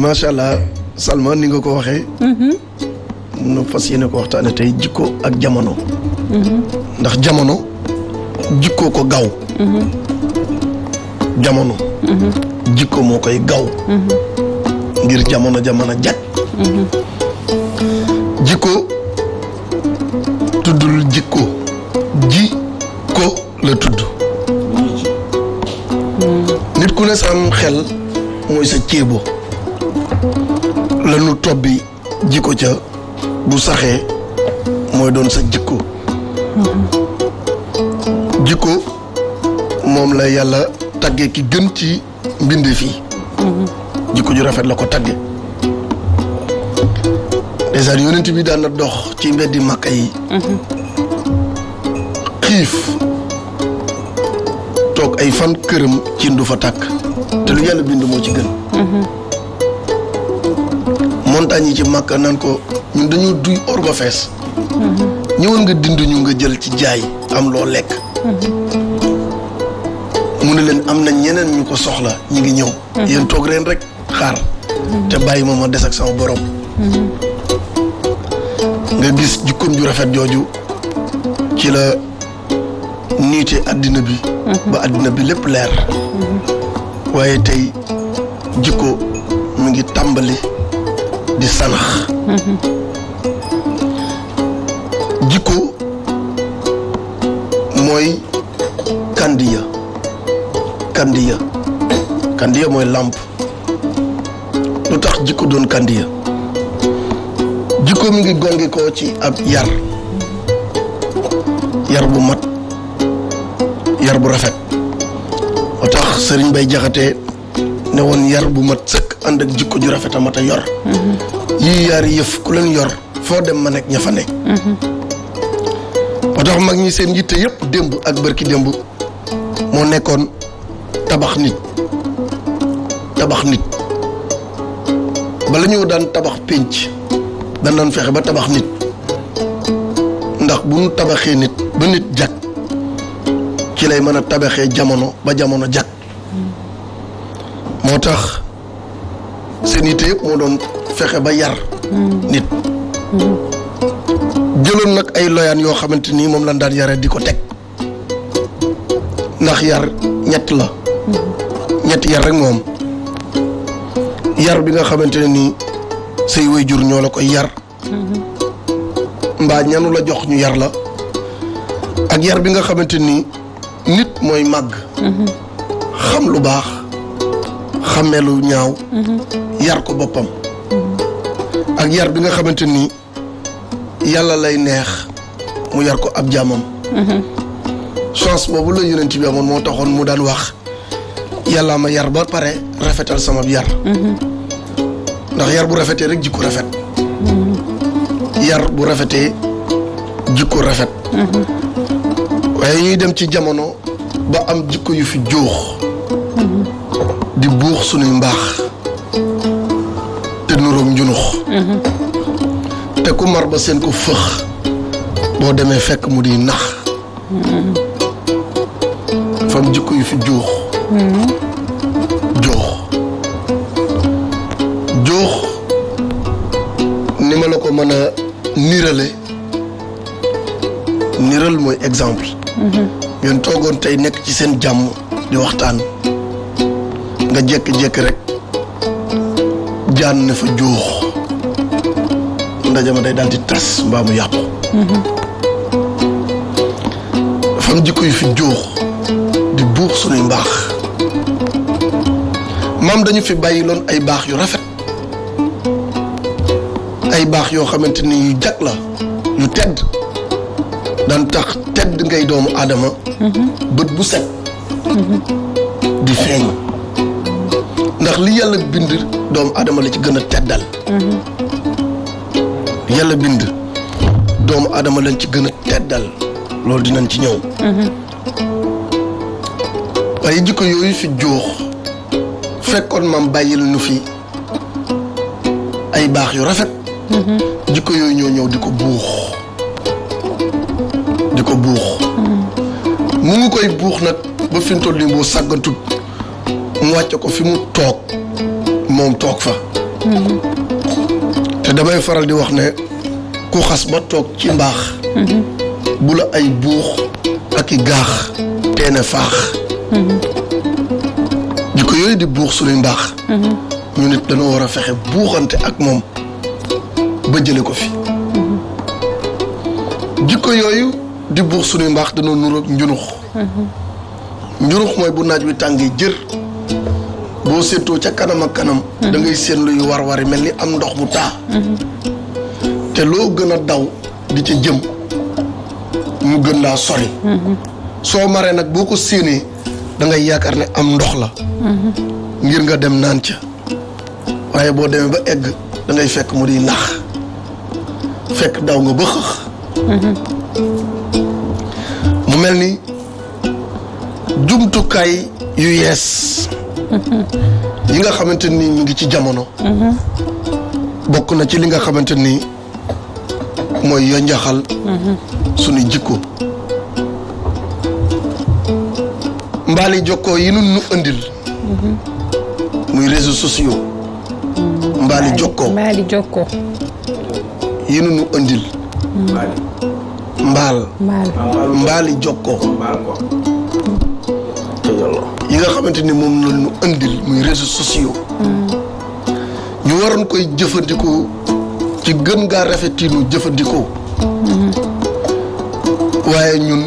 macha allah Salma ni nga ko waxee. Mhm. nu fas yéene ko waxtaane tey jikko ak jamono. Mhm. ndax jamono jikko ko gaw. Mhm. jamono. jikko moo koy ngir jamono jamono jag. jikko tuddul jikko ji ko la tudd. nit ku ne sam xel mooy sa ceebo. lanu tobbi jikko ca bu saxee mooy doon sa jikko jikko moom la yàlla tagge ki gën ci mbindee fii jikko ju rafet la ko tagge dèjà yonent bi daan dox ci mbeddi Makka yi xiif toog ay fan këram ci ndu fa tàkk te lu yàlla bind moo ci gën montagne yi ci Makka nan ko ñun dañu duy or ba fees ñëwoon nga dinduñu nga jël ci jaay am loo lekk mu ne leen am na ñeneen ñu ko soxla ñu ngi ñëw yéen toog reen rek xaar te bàyyi ma ma des ak sama borom nga gis jikkoom ju rafet jooju ci la niite àddina bi mhm. ba àddina bi lépp leer mhm. waaye tey jikko mu ngi tàmbali di sanax jikko mooy kandiya kandiya kandiya mooy làmp lu tax jikko doon kandiya jikko mi ngi gonge ko ci ab yar yar bu mat yar bu rafet moo tax sëriñ bay jaxate ne yar bu mat sëkk ànd ak jikko ju rafet a mat a yor. yii yaari yëf ku leen yor foo dem ma nekk ña fa nekk. moo tax mag ñi seen yitte yépp démb ak bërki démb moo nekkoon tabax nit tabax nit bala ñu daan tabax pénc dañ doon fexe ba tabax nit ndax bu ñu tabaxee nit ba nit jag ci lay mën a tabaxee jamono ba jamono jag moo tax seen yitte moo doon fexe ba yar nit jëloon nag ay loyaan yoo xamante nii moom lañ daan yare di ko teg ndax yar ñett la ñett yar rek moom yar bi nga xamante ne nii say jur ñoo la koy yar mbaa ñanu la jox ñu yar la ak yar bi nga xamante nii nit mooy màgg mhm. xam lu baax xàmmee lu ñaaw. Mhm. yar ko boppam. Mhm. ak yar bi nga xamante ni yàlla lay neex mu yar ko ab jaamam. Mhm. chance boobu la yonent bi amoon moo taxoon mu daan wax yàlla ma yar ba pare rafetal sama yar. ndax yar bu rafetee rek jikko rafet. yar bu rafetee jikko rafet. waaye ñuy dem ci jamono ba am jikko yu fi joox. di buux sunuy mbaax te nuroog njunux mhm. te ku ba seen ko fëx boo demee fekk mu di nax mhm. fam jikko yu fi juux mhm. juux juux ni ma la ko mën a nirale niral mooy exemple ngeen toogoon tey nekk ci seen jàmm di waxtaan nga jékki-jékki rek jaan ne fa juux ndaje ma day daal di tas mbaa mu yàqu. jikko yu fi juux di buux sunuy mbaax maam dañu fi bàyyi loon ay baax yu rafet ay baax yoo xamante ni yu jag la yu tedd daan tax tedd ngay doomu aadama mhm. bët bu set mhm. di feeñ ndax li yàlla bind doomu aadama la ci gën a teddal yàlla bind doomu aadama lañ ci gën a teddal loolu dinañ ci ñëw waaye jikko yooyu fi joox fekkoon maam bàyyil nu fi ay baax yu rafet jikko yooyu ñoo ñëw di ko buux di ko buux mu ngi koy buux nag ba fi mu boo sàggantut mu wàcce ko fi mu toog moom toog fa te damay faral di wax ne ku xas ba toog ci mbaax bu la ay buux ak i gaax teene faax jikko yooyu di buux suñuy mbaax ñu nit dañoo war a fexe buuxante ak moom ba jële ko fi jikko yooyu di buux suñuy mbaax dañoo nuroog njunux njurux mooy bu naaj wi tàngee jër boo seetoo ca kanam ak kanam. Mhm. da ngay seet luy war mel ni am ndox bu taa. Mhm. te loo gën a daw di ca jëm mu gën laa sori. Mhm. soo maree nag boo ko séenee da yaakaar ne am ndox la. ngir nga dem naan ca waaye boo demee ba egg dangay ngay fekk mu di naax fekk daw nga ba xëx. mu mel ni jumtukaay yu yees. yi nga xamante ni ñu ngi ci jamono. bokk na ci li nga xamante ni mooy yonjaxal suñu jikko. mbaali jokkoo yi nun nu andil. muy réseaux sociaux. mbaali jokkoo mbaali jokkoo. yi nun nu andil. Mm. mbaal mbaal mbaali jokkoo. nga xamante ni moom la ñu muy réseaux sociaux. ñu waroon koy jëfandikoo ci gën gaa rafet yi jëfandikoo. waaye ñun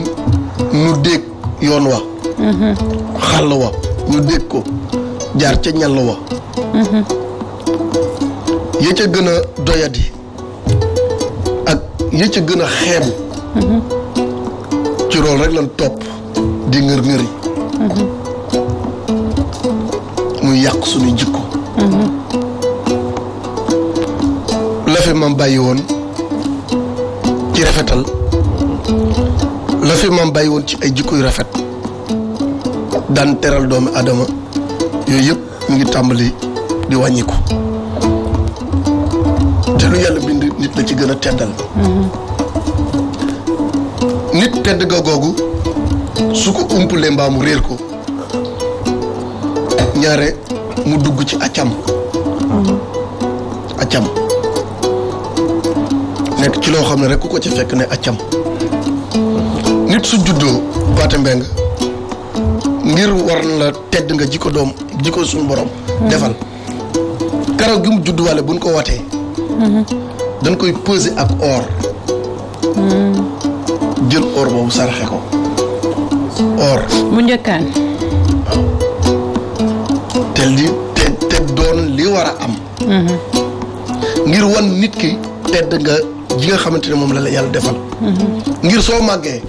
ñu dégg yoon wa. xàll wa ñu dégg ko jaar ca ñàll wa. ya ca gën a doyadi ak ya ca gën a xeem. ci loolu rek lan topp di ngër ngëri. muy yàq suñu jikko la fi maam bàyyi woon ci rafetal la fi bàyyi woon ci ay jikko yu rafet daan teral doomi aadama yooyu yëpp mu ngi tàmbali di wàññiku te lu yàlla bind nit la ci gën a teddal nit tedd ga googu su ko umpalee mbaa réer ko ñaare mu dugg ci accam mm-hmm. accam nekk ci loo xam ne rekk ku ko ci fekk ne accam nit su juddoo baata mbeng ngir war la tedd nga jikko doom jikko suñu borom mm-hmm. defal karaw gi mu judduwaale buñ ko watee mm-hmm. dañ koy peser ak or jël or boobu saraxe ko or mu njëkkaan te li doon li war a am. Mhm. ngir wan nit ki tedd nga ji nga xamante ne moom la la yàlla defal. Mhm. ngir soo màggee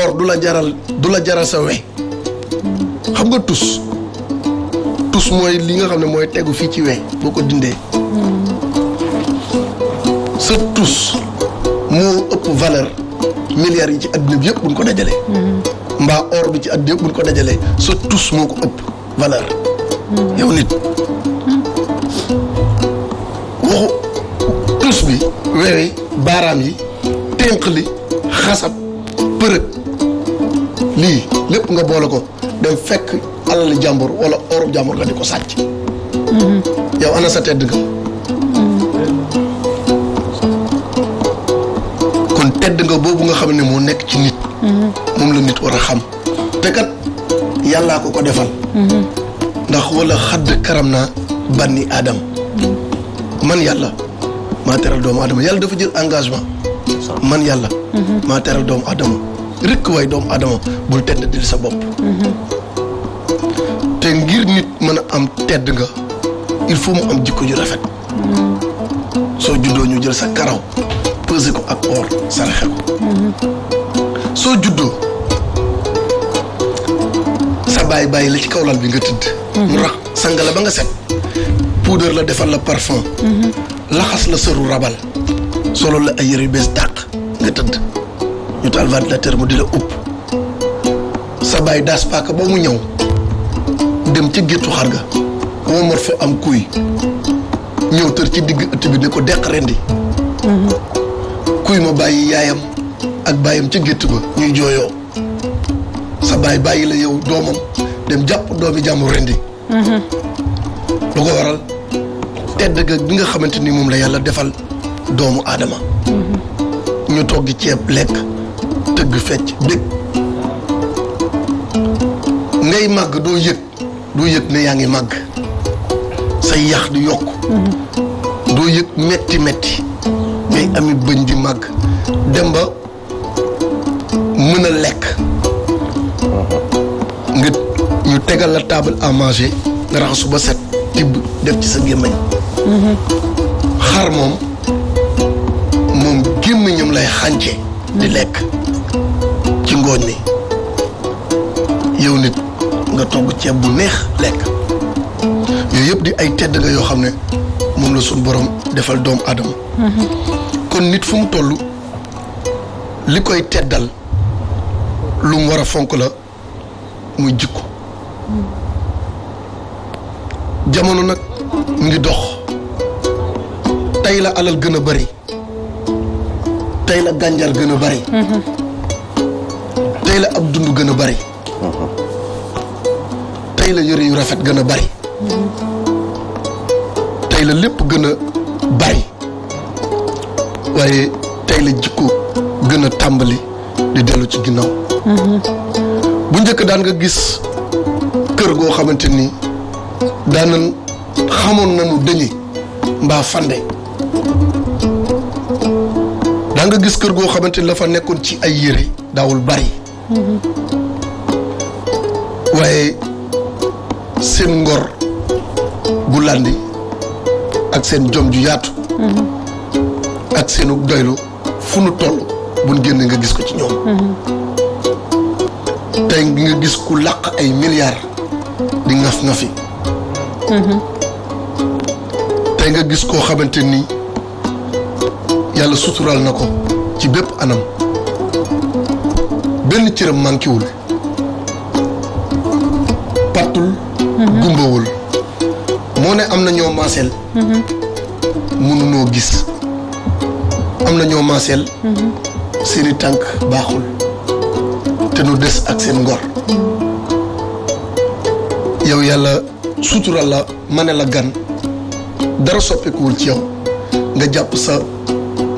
or du la jaral du la jaral sa we. xam nga tus tus mooy li nga xam ne mooy tegu fii ci we boo ko dindee. Mhm. sa tus moo ëpp valeur milliards yi ci àddina bi yëpp buñ ko dajalee. mbaa or bi ci àddina yëpp buñ ko dajalee sa tus moo ko ëpp valeur. yow nit waxu tus bi wewe baaraam yi ténq li xasab përëg lii lépp nga boole ko dem fekk alal jàmbur wala orub jàmbur nga di ko sàcc yow ana sa tedd ga kon tedd nga boobu nga xam ne moo nekk ci nit moom la nit war a xam te kat yàllaa ko ko defal ndax wala xadd karam na bànni aadam man yàlla maa teral doomu aadama yàlla dafa jël engagement man yàlla maa teral doomu aadama rëkk waay doomu aadama bul tedd dil sa bopp te ngir nit mën a am tedd nga il faut mu am jikko ju rafet soo juddoo ñu jël sa karaw pesé ko ak or saraxe ko soo juddoo bàyyi bàyyi la ci kaw lal bi nga tëdd. Mhm. mu rax sang la ba nga set. poudre la defal la parfum. Mhm. laxas la sëru rabal. solo la ay yëre yu bees tàq nga tëdd. ñu taal ventilateur mu di la upp. sa bàyyi daas paaka ba mu ñëw. dem ci géttu xar ga. moo mor fa am kuy. ñëw tër ci digg ëtt bi ne ko deq rendi mhm. kuy ma bàyyi yaayam ak bàyyam ci gétt ba ñuy jooyoo. sa baay bàyyi la yow doomam dem jàpp doomi jàmbur rendi lu ko waral tedd ga bi nga xamante ni moom la yàlla defal doomu aadama ñu togg ceeb lekk tëgg fecc bég ngay màgg doo yëg doo yëg ne yaa ngi màgg say yax di yokk doo yëg metti metti ngay ami bëñ di màgg dem ba mën a lekk ñu tegal la table à manger nga raxasu ba set tibb def ci sa gémmañ mm-hmm. xar moom moom gémmiñam lay xànce di mm-hmm. lekk ci ngooñ mi yow nit nga togg ceeb bu neex lekk yooyu yëpp di ay tedd nga yoo xam ne moom la suñu borom defal doom aadama mm-hmm. kon nit fu mu toll li koy teddal lu mu war a fonk la muy jikko jamono nag ngi dox tey la alal gën a bari tey la gànjar gën a bari tey la ab dund gën a bari tey la yëre yu rafet gën a bari tey la lépp gën a bari waaye tey la jikko gën a tàmbali di dellu ci ginnaaw mhm. bu njëkk daan nga gis kër goo xamante ni daanan xamoon nañu dëñi mbaa fande daa nga gis kër goo xamante ni la fa nekkoon ci ay yére daawul bari waaye seen ngor bu landi ak seen jom ju yaatu ak seenu doylu fu nu toll buñ génn nga gis ko ci ñoom mm-hmm. tey nga gis ku làq ay milliards di ŋaf ŋafi mm-hmm. tey nga gis koo xamante ni yàlla suturaal na ko ci bépp anam benn cëram manqué wul mm-hmm. gumbawul moo ne am na ñoo maaseel mm-hmm. mënunoo gis am na ñoo maaseel seeni tànk baaxul te nu des ak seen ngor yow yàlla sutural la ma ne la gan dara soppeekuwul ci yow nga jàpp sa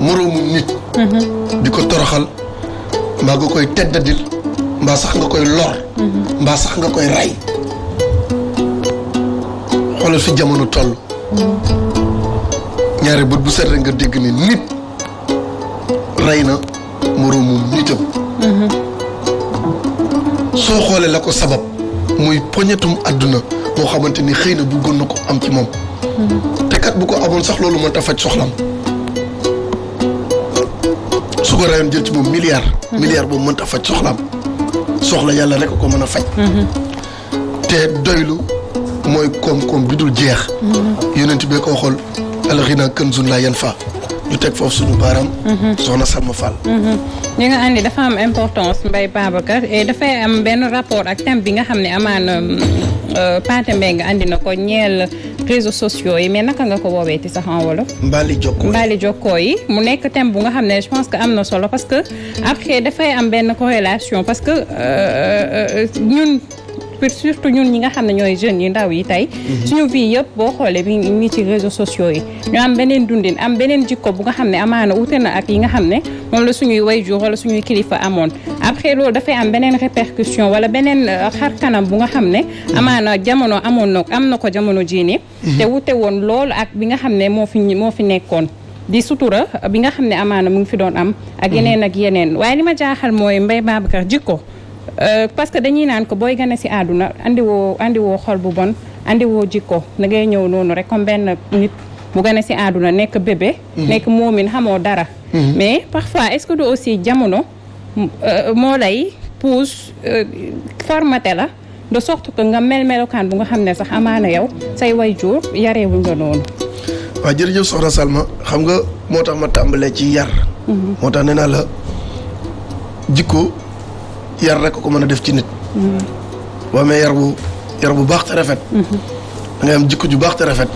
moroomu nit mhm. di ko toroxal mbaa nga koy teddadil mbaa sax nga koy lor mhm. mbaa sax nga koy rey xoolal fi jamono toll mhm. ñaari bët bu set rek nga dégg ni nit rey na moroomu nitam soo xoolee la ko sabab muy poñetum àdduna moo xamante ni xëy na bu gën na ko am ci moom. te kat bu ko amoon sax loolu mënta faj soxlam su ko rayoon jël ci moom milliard. milliard boobu mënta faj soxlam soxla yàlla rek ko mën a faj. te doylu mooy koom-koom bi dul jeex. Mhm. yonent bi ko waxoon alxina kanzun laa yanfaa ñu teg foofu suñu baaraam. Mhm. soxna Salma Fall. li mhm. nga andi dafa am importance Mbaye Babacar et dafay am benn rapport ak thème bi nga xam ne amaana euh, Pathé Mbengue andi na ko ñeel réseaux sociaux yi mais naka nga ko wooweeti sax en wolof. Mbali Jokko yi mu nekk thème bu nga xam ne je pense que am na solo parce que après dafay am benn corrélation parce que euh, euh, ñun. pour surtout ñun ñi nga xam ne ñooy jeunes yi ndaw yi tey mhm. suñu vie yëpp boo xoolee bi ñu ngi ci réseaux sociaux yi ñu am beneen dundin am beneen jikko bu nga xam ne amaana wute na ak yi xam ne moom la suñuy wayjur wala suñuy kilifa amoon après loolu dafay am beneen répercussion wala beneen euh, xar kanam bu nga xam ne amaana jamono amoon na am na ko jamono jii nii mhm. te wute woon lool ak bi nga xam ne moo fi moo fi nekkoon di sutura bi nga xam ne amaana mu ngi fi doon am ak mhm. yeneen ak yeneen waaye li ma jaaxal mooy Mbaye Babacar jikko Euh, parce que dañuy naan ko booy gane si àdduna andiwoo andiwoo xol bu bon andiwoo jikko da ngay ñëw noonu rek comme benn nit bu gane si àdduna nekk bébé. Mhm. nekk moomin xamoo dara. Mhm. mais parfois est-ce que du aussi jamono euh, moo lay pousse euh, formaté la de sorte que nga mel melokaan bu nga xam ne sax amaana yow say waajur yareewul nga noonu. waaw jërëjëf soxna Salma xam nga moo tax ma tàmbalee ci yar. Mhm. moo tax nee naa la jikko. yar rek ko mën a def ci nit. boo amee yar bu yar bu baax te rafet. da am jikko ju baax te rafet.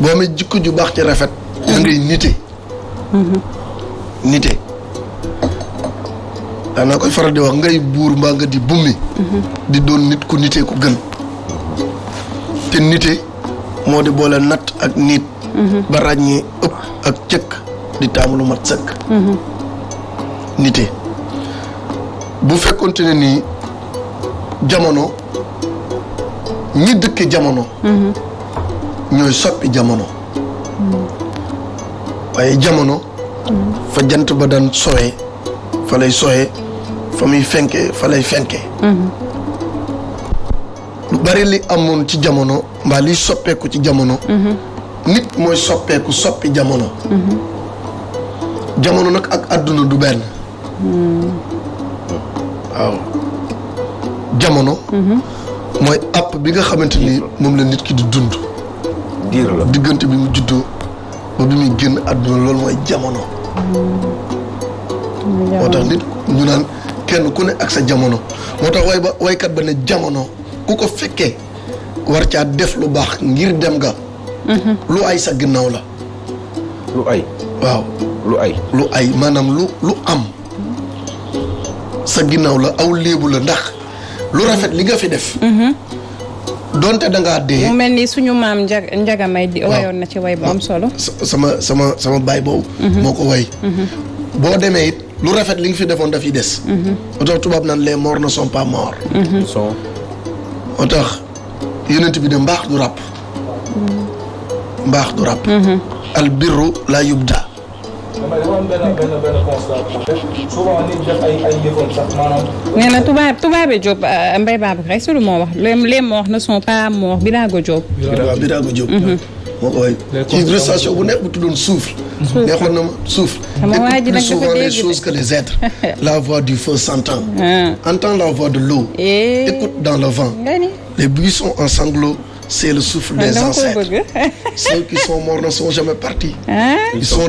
boo amee jikko ju baax te rafet. da ngay nite. nite daanaa koy faral di wax ngay buur mbaa nga di bummi. di doon nit ku nite ku gën. te nite moo di boole natt ak nit ba ràññee ëpp ak cëkk di taamu lu mat sëkk. nite. bu fekkonte ne nii jamono ñi dëkk jamono. Mhm. ñooy soppi jamono. Mhm. waaye jamono. Mhm. fa jant ba daan sowee fa lay sowee fa muy fenkee fa lay fenkee. lu bari li amoon ci jamono mbaa liy soppeeku ci jamono. nit mooy soppeeku soppi jamono. jamono nag ak àdduna du benn. waaw jamono. Mhm. mooy app bi nga xamante ni moom la nit ki di dund. diir la diggante bi mu juddoo ba bi muy génn àdduna loolu mooy jamono. moo tax nit ñu naan kenn ku ne ak sa jamono moo tax way ba waykat ba ne jamono ku ko fekkee war caa def lu baax ngir dem nga. Mhm. lu ay sa ginnaaw la. lu ay. lu ay. lu ay maanaam lu lu am. sa ginnaaw la aw léebu la ndax lu rafet li nga fi def. Mhm. donte da ngaa mu mel ni suñu maam Njaga Njaga May di wayoon na ci way bu am solo. sama sama sama baay boobu. Mhm. moo ko way. Mhm. boo demee it lu rafet li nga fi defoon dafiy des. moo tax tubaab naan les morts ne sont pas morts. son. moo tax yonent bi de mbaax du ràpp. mbaax du ràpp. albirru la yubda. damay dafa am benn benn benn constat bu def souvent nit def ay ay na tubaab tubaabee Diop euh, Mbaye Babacar est-ce que ne sont pas morts Birago Diop. Birago Birago Diop. moom mooy ci prestation souffle. neexoon souffle. sama souvent les choses que les êtres. la voix du feu entend ah. la voix de l'eau eh. écoute dans le vent. les buissons en sanglots. c'est le souffle ah, des ancêtres. Ceux qui sont morts ne jamais partis.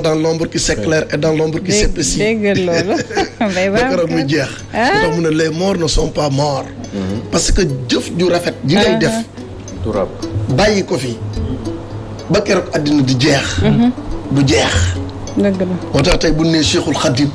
dans l'ombre qui s'éclaire et dans l'ombre qui s'épaissit. dégg loolu. da muy jeex. Ah? mu ne les morts ne sont pas morts. Mhm. parce que jëf ju rafet. ji ngay ah, def. bàyyi ko fi. ba keroog àddina di jeex. Mhm. du jeex. dëgg la moo tax tey bu nee Cheikhul Khadim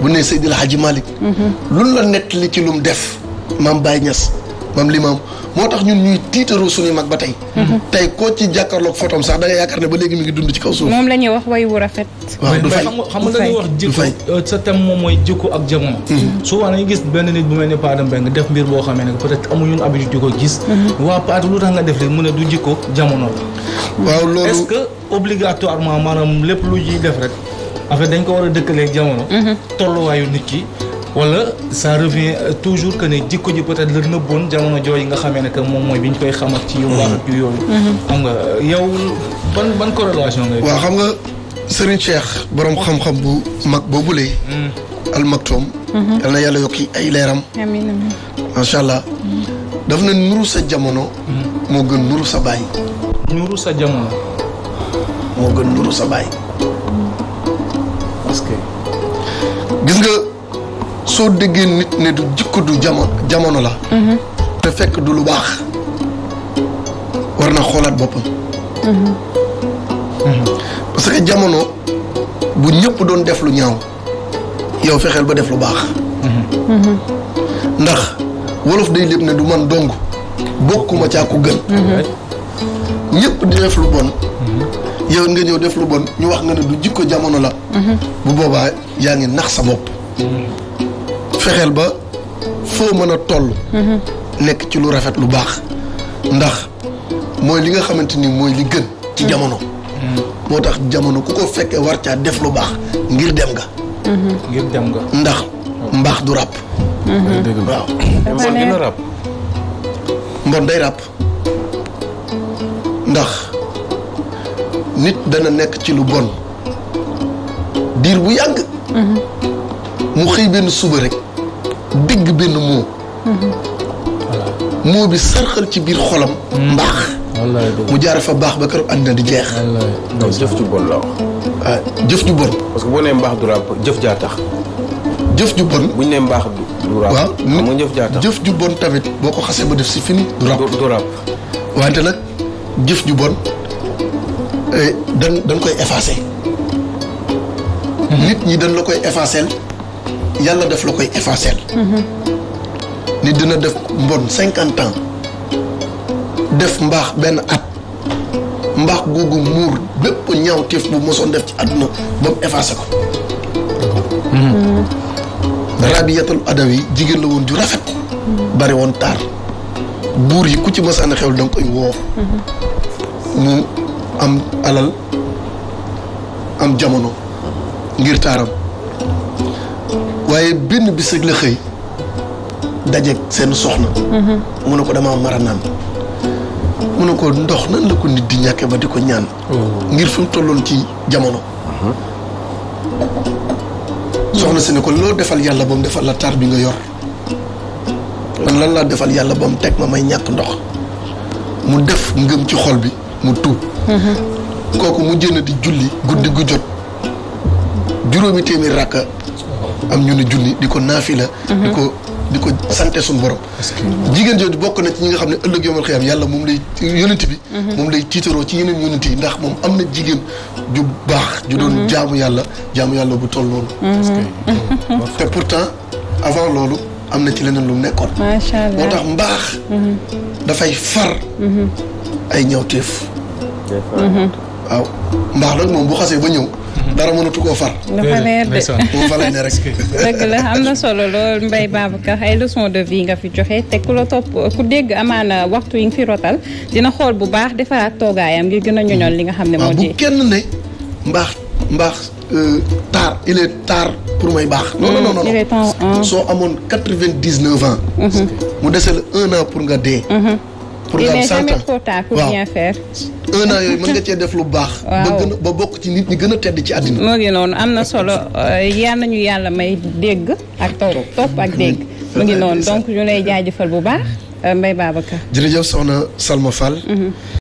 bu nee Seydil Hadji Malick. Mhm. lu la nettali ci lum def. maam Baye Niass. maam limaam moo tax ñun ñuy tiitaroo suñuy mag ba tey mhm. tey koo ci jàkkaarloog fotom sax da nga yaakaar ne ba léegi mi ngi dund ci kaw suuf moom la ñuy wax way wu rafet waaw du fay xam nga dañuy wax euh, sa thème moom mooy jikko ak jamono mhm. souvent gis benn nit bu mel ni Paada Mbeng def mbir boo xamee ne peut-être amuñu habitude di ko gis mhm. waa Paada lu tax nga def li mu ne du jikko jamono la waaw loolu est obligatoirement maanaam lépp lu ñuy def rek en fait dañ ko war a dëkkalee jamono tolluwaayu nit ki wala ça revient toujours que ne jikko ji peut-être la nëbboon jamono jooy nga xamee ne moom mooy bi ñu koy xamal ci mhm. yooyu mhm. xam nga yow ban ban corrélation ngay waaw xam nga Serigne Cheikh boroom xam-xam bu mag boobule mhm. al maktoom yal na yàlla yokki ay leeram amiin macha allah def na nuru sa jamono moo gën nuru sa baay nuru sa jamono moo gën nuru sa baay gis nga soo déggee nit ne du jikko du jamono jamono la. Mm-hmm. te fekk du lu baax war na xoolaat boppam. Mm-hmm. Mm-hmm. parce que jamono bu ñëpp doon def lu ñaaw yow fexeel ba def lu baax. ndax wolof day lépp ne du man dong bokkuma caa ku gën. ñëpp di def lu bon. yow nga ñëw def lu bon ñu wax nga ne du jikko jamono la. bu boobaa yaa ngi nax sa bopp. fexeel ba foo mën a toll. Mhm. nekk ci lu rafet lu baax. ndax mooy li nga xamante ni mooy li gën. ci mhm. jamono. Mhm. moo tax jamono ku ko fekkee war caa def lu baax ngir dem nga. dem nga. ndax mbaax du ràpp. ràpp. mbon day ràpp. ndax nit dana nekk ci lu bon diir bu yàgg. mu xëy benn suba rek. dégg benn moo moo bi sarxal ci biir xolam. Hmm. mbaax. mu jaare fa baax ba kër keroog àddina di jeex. non jëf ju bon la wax. Ah, jëf ju bon. parce que boo nee mbaax jëf jaa jëf ju bon bu ñu nee mbaax du ràbb. waaw mu jëf jaa tax jëf ju bon tamit boo ko xasee ba def si fini. du ràbb du wante nag jëf ju bon eh, dan dañ koy effacé. Hmm. nit ñi dañ la koy effacé yàlla def la koy effacer. nit dina def mbon cinquante ans def mbaax benn at mbaax googu muur bépp ñaawteef bu mosoon def ci àdduna ba mu ko ko. Hmm. Rabiyatul yi jigéen la woon ju rafet. bari woon taar buur yi ku ci masaan xewul da nga koy woo. mu am alal am jamono ngir taaram. waaye benn bis rek la xëy dajeeg seen soxna. Mhm. mu ne ko damaa mara naan. mu ne ko ndox nan la ko nit di ñàkke ba di ko ñaan. Oh. ngir fi mu tolloon ci jamono. Mhm. soxna si ko loo defal yàlla ba mu defal la tar bi nga yor. man lan laa defal yàlla ba mu teg ma may ñàkk ndox. mu def ngëm ci xol bi mu tuub. Mhm. kooku mu jënd di julli guddi gu jot juróomi téeméer rakka am ñu ne junni di ko naafila mhm. di ko di ko sante suñu borom jigéen jooju bokk na ci ñi nga xam ne ëllëg yomal xiyaam yàlla moom lay yonent bi mhm. moom lay tiitaroo ci yeneen yonent yi ndax moom am na jigéen ju baax ju doon mhm. jaamu yàlla jaamu yàlla bu toll loolu te pourtant avant loolu am na ci leneen lu nekkoon macha allah moo tax mbaax dafay far ay ñawteef waaw mbaax nag moom bu xasee ba ñëw dara mënatu koo far. dafa leer de bu fa ne rek. dëgg la am na solo lool Mbaye Babacar ay leçon de vie nga fi joxe te ku la topp ku dégg amaana waxtu yi nga fi rotal dina xool bu baax defaraat toogaayam ngir gën a ñoñoon li nga xam ne moo ah, di. bu kenn ne mbaax mbaax euh, tard il est pour may baax. non non non soo amoon quatre vingt dix neuf ans. Mhm. mu dese la un an pour nga dee. Mhm. pour nga am 100 pour bien faire. mën nga cee def lu baax. waaw ba gën ba bokk ci nit ñi gën a tedd ci àddina. moo ngi noonu am na solo euh, yal nañu yàlla may dégg ak topp topp ak dégg. mu ngi noonu donc ñu lay jaajëfal bu baax mbay euh, Mbaye Babacar. jërëjëf soxna Salma Fall. Mm-hmm.